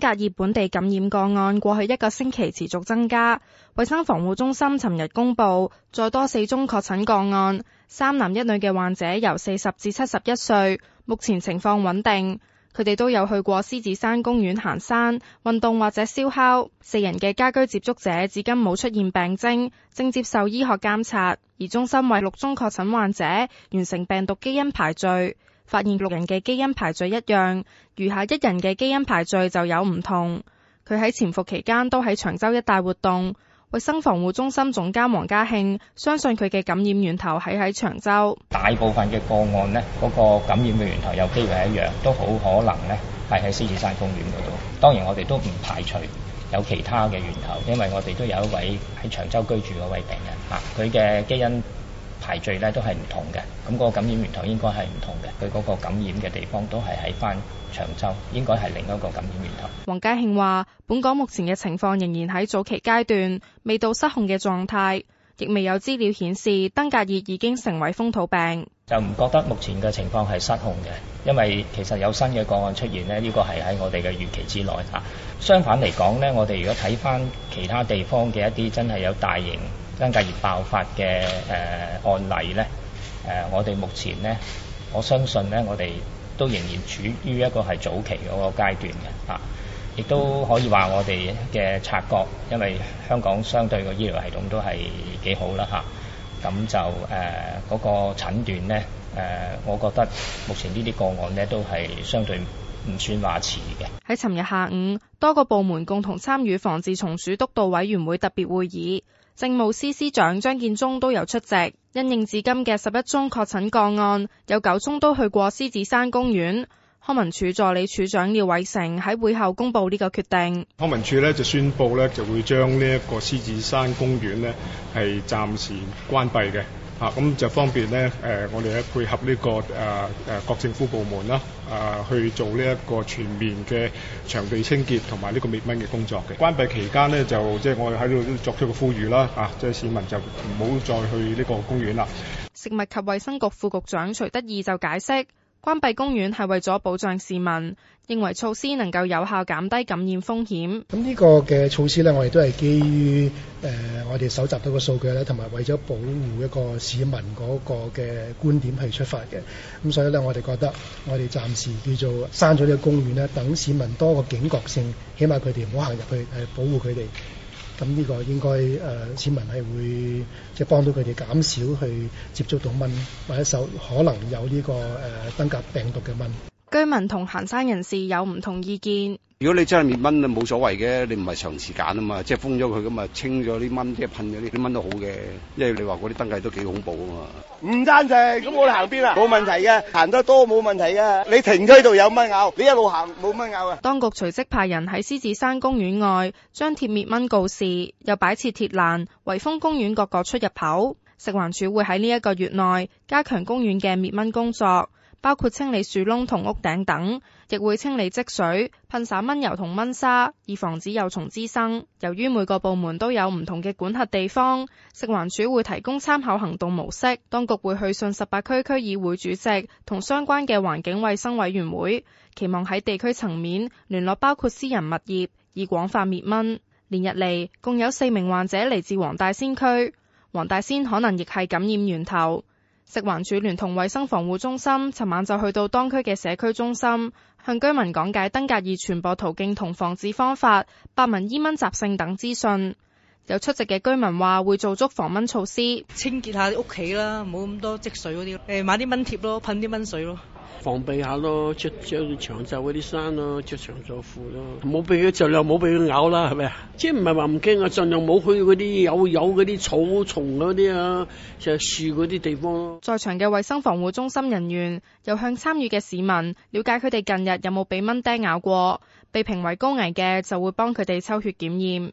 革熱本地感染個案過去一個星期持續增加，衛生防護中心尋日公布再多四宗確診個案，三男一女嘅患者由四十至七十一歲，目前情況穩定。佢哋都有去過獅子山公園行山、運動或者燒烤。四人嘅家居接觸者至今冇出現病徵，正接受醫學監察。而中心為六宗確診患者完成病毒基因排序。發現六人嘅基因排序一樣，餘下一人嘅基因排序就有唔同。佢喺潛伏期間都喺長洲一帶活動。衛生防護中心總監黃加慶相信佢嘅感染源頭係喺長洲。大部分嘅個案呢，嗰個感染嘅源頭有機會一樣，都好可能呢係喺獅子山公園嗰度。當然我哋都唔排除有其他嘅源頭，因為我哋都有一位喺長洲居住嗰位病人啊，佢嘅基因。排序咧都係唔同嘅，咁個感染源頭應該係唔同嘅，佢嗰個感染嘅地方都係喺翻長洲，應該係另一個感染源頭。黃家慶話，本港目前嘅情況仍然喺早期階段，未到失控嘅狀態，亦未有資料顯示登革熱已經成為風土病。就唔覺得目前嘅情況係失控嘅，因為其實有新嘅個案出現呢，呢個係喺我哋嘅預期之內。啊。相反嚟講呢，我哋如果睇翻其他地方嘅一啲真係有大型。登革熱爆發嘅誒案例呢，誒，我哋目前呢，我相信呢，我哋都仍然處於一個係早期嗰個階段嘅啊，亦都可以話我哋嘅察覺，因為香港相對個醫療系統都係幾好啦嚇，咁就誒嗰、呃嗰個診斷呢，我覺得目前呢啲個案呢都係相對唔算話遲嘅。喺尋日下午，多個部門共同參與防治蟲鼠督導委員會特別會議。政務司司長張建宗都有出席，因應至今嘅十一宗確診個案，有九宗都去過獅子山公園。康文署助理署長廖偉成喺會後公布呢個決定，康文署咧就宣佈咧就會將呢一個獅子山公園咧係暫時關閉嘅。啊，咁就方便咧，誒、呃，我哋咧配合呢、這個誒誒各政府部門啦，啊，去做呢一個全面嘅場地清潔同埋呢個滅蚊嘅工作嘅。關閉期間咧，就即係、就是、我哋喺度作出個呼籲啦，吓、啊、即、啊、係市民就唔好再去呢個公園啦。食物及衛生局副，副局長徐德義就解釋。關閉公園係為咗保障市民，認為措施能夠有效減低感染風險。咁呢個嘅措施咧，我哋都係基於誒、呃、我哋搜集到嘅數據咧，同埋為咗保護一個市民嗰個嘅觀點去出發嘅。咁所以咧，我哋覺得我哋暫時叫做閂咗呢個公園咧，等市民多個警覺性，起碼佢哋唔好行入去，誒、呃、保護佢哋。咁呢個應該誒，市民係會即係幫到佢哋減少去接觸到蚊或者受可能有呢個誒登革病毒嘅蚊。居民同行山人士有唔同意見。如果你真係滅蚊，冇所謂嘅，你唔係長時間啊嘛，即係封咗佢咁啊，清咗啲蚊，即係噴咗啲蚊都好嘅。因為你話嗰啲登革都幾恐怖啊嘛。唔贊成，咁我哋行邊啊？冇問題嘅，行得多冇問題啊。你停喺度有蚊咬，你一路行冇蚊咬啊。當局隨即派人喺獅子山公園外張貼滅蚊告示，又擺設鐵欄圍封公園各個出入口。食環署會喺呢一個月內加強公園嘅滅蚊工作。包括清理樹窿同屋頂等，亦會清理積水、噴灑蚊油同蚊砂，以防止幼蟲滋生。由於每個部門都有唔同嘅管轄地方，食環署會提供參考行動模式，當局會去信十八區區議會主席同相關嘅環境衛生委員會，期望喺地區層面聯絡包括私人物業，以廣泛滅蚊。連日嚟，共有四名患者嚟自黃大仙區，黃大仙可能亦係感染源頭。食環署聯同衛生防護中心尋晚就去到當區嘅社區中心，向居民講解登革熱傳播途徑同防治方法、白紋伊蚊習性等資訊。有出席嘅居民話會做足防蚊措施，清潔下屋企啦，冇咁多積水嗰啲，誒買啲蚊貼咯，噴啲蚊水咯。防備下咯，着着長袖嗰啲衫咯，着長袖褲咯，冇俾佢，儘量冇俾佢咬啦，係咪啊？即係唔係話唔驚啊？儘量冇去嗰啲有有嗰啲草叢嗰啲啊，就係樹嗰啲地方。在場嘅衛生防護中心人員又向參與嘅市民了解佢哋近日有冇俾蚊叮咬過，被評為高危嘅就會幫佢哋抽血檢驗。